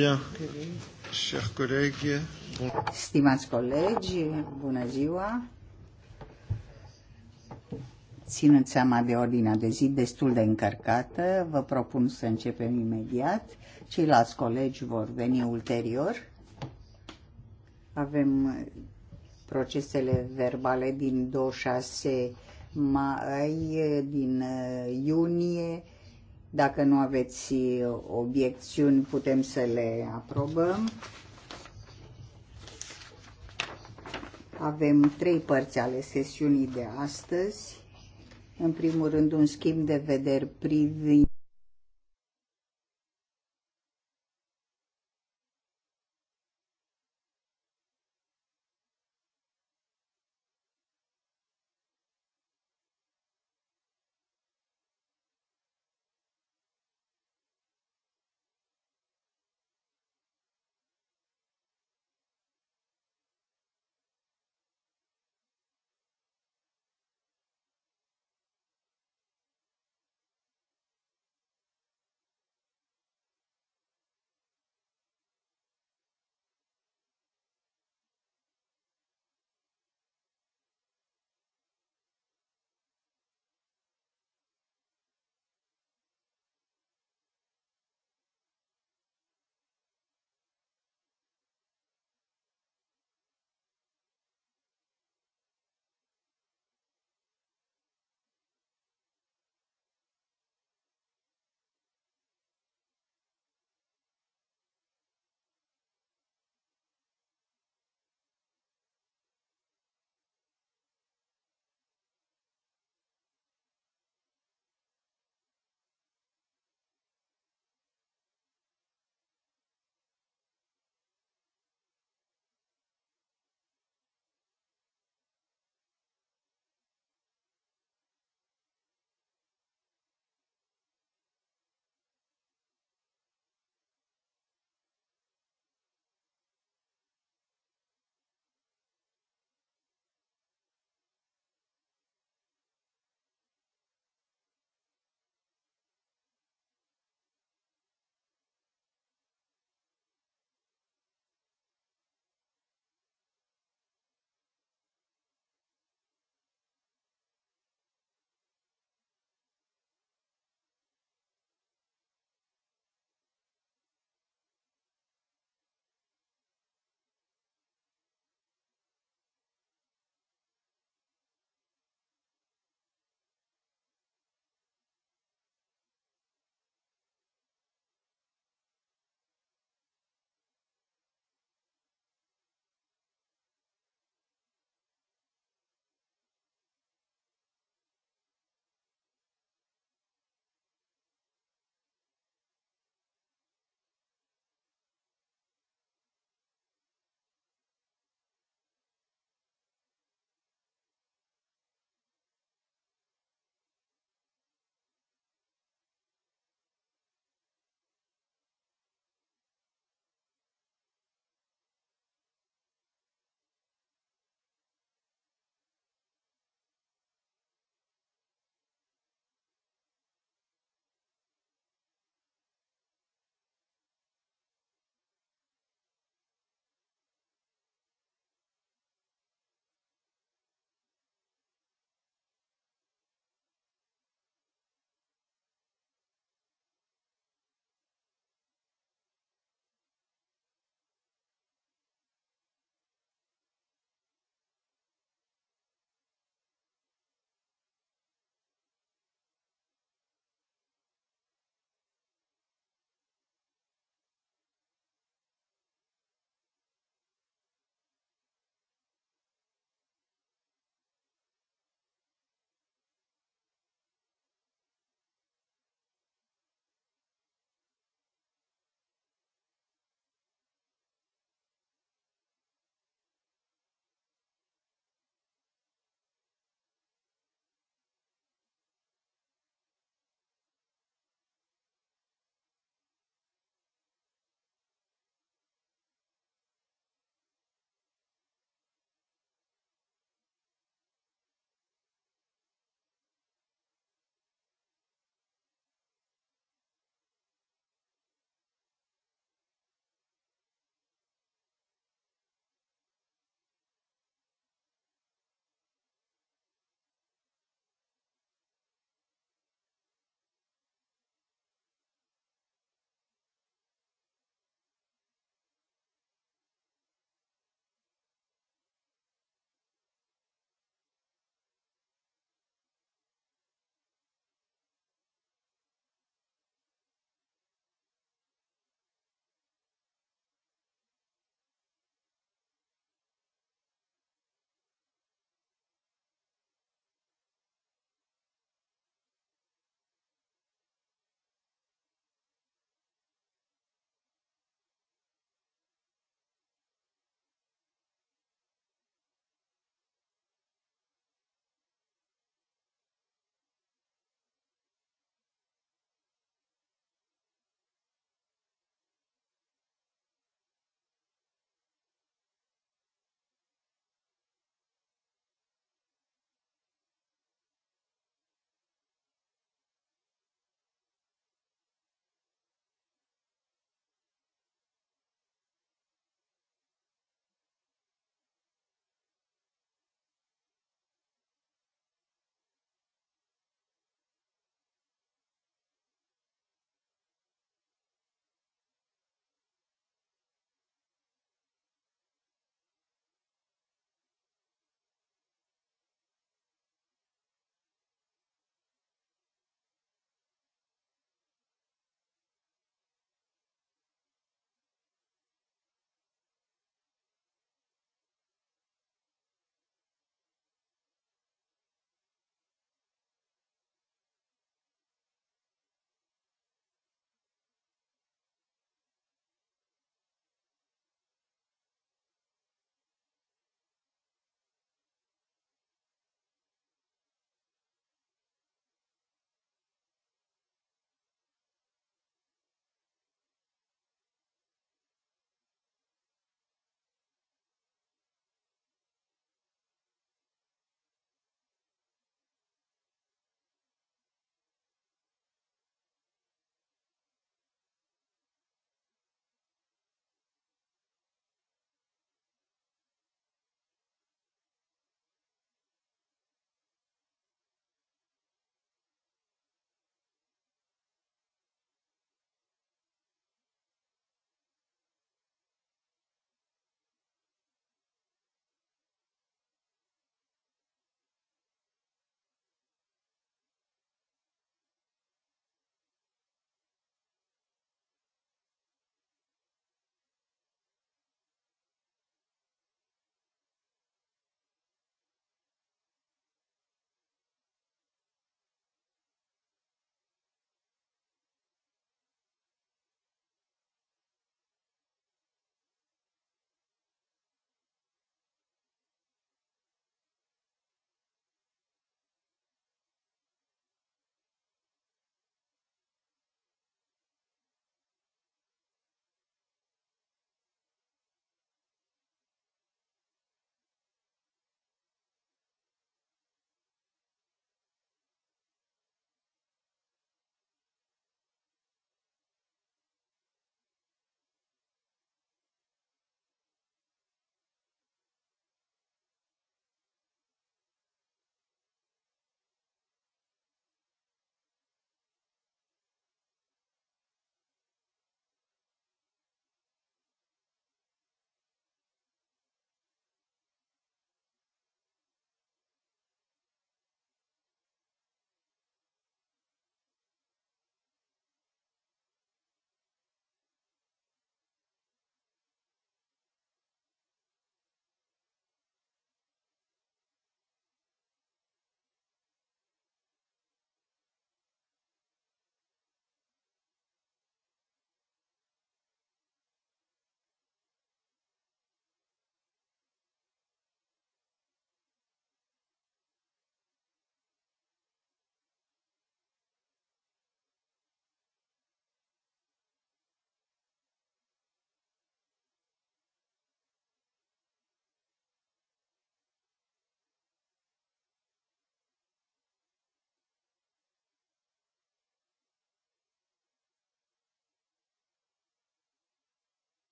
Bien, chers collègues, bon... Stimați colegi, bună ziua! Ținând seama de ordinea de zi destul de încărcată, vă propun să începem imediat. Ceilalți colegi vor veni ulterior. Avem uh, procesele verbale din 26 mai, uh, din uh, iunie, Dacă nu aveți uh, obiecțiuni, putem să le aprobăm. Avem trei părți ale sesiunii de astăzi. În primul rând, un schimb de vederi privind